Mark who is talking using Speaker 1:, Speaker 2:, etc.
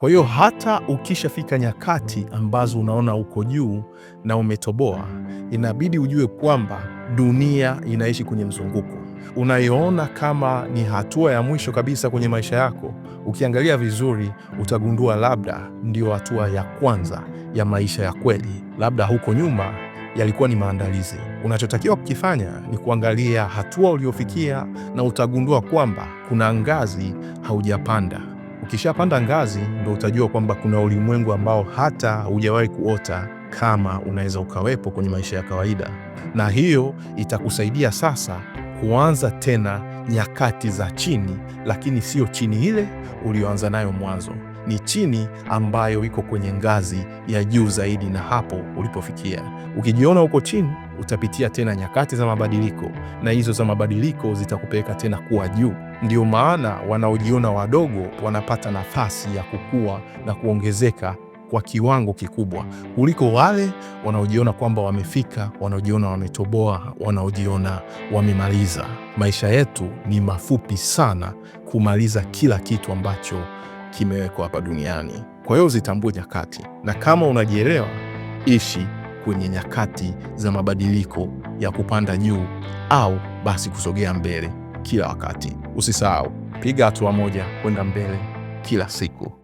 Speaker 1: Kwa hiyo hata ukishafika nyakati ambazo unaona uko juu na umetoboa, inabidi ujue kwamba dunia inaishi kwenye mzunguko. Unayoona kama ni hatua ya mwisho kabisa kwenye maisha yako, ukiangalia vizuri utagundua labda ndiyo hatua ya kwanza ya maisha ya kweli. Labda huko nyuma yalikuwa ni maandalizi. Unachotakiwa kukifanya ni kuangalia hatua uliofikia, na utagundua kwamba kuna ngazi haujapanda. Ukishapanda ngazi ndo utajua kwamba kuna ulimwengu ambao hata hujawahi kuota kama unaweza ukawepo kwenye maisha ya kawaida, na hiyo itakusaidia sasa kuanza tena nyakati za chini, lakini sio chini ile ulioanza nayo mwanzo, ni chini ambayo iko kwenye ngazi ya juu zaidi na hapo ulipofikia. Ukijiona huko chini, utapitia tena nyakati za mabadiliko, na hizo za mabadiliko zitakupeleka tena kuwa juu. Ndio maana wanaojiona wadogo wanapata nafasi ya kukua na kuongezeka kwa kiwango kikubwa kuliko wale wanaojiona kwamba wamefika, wanaojiona wametoboa, wanaojiona wamemaliza. Maisha yetu ni mafupi sana kumaliza kila kitu ambacho kimewekwa hapa duniani. Kwa hiyo zitambue nyakati, na kama unajielewa, ishi kwenye nyakati za mabadiliko ya kupanda juu au basi kusogea mbele kila wakati. Usisahau, piga hatua moja kwenda mbele kila siku.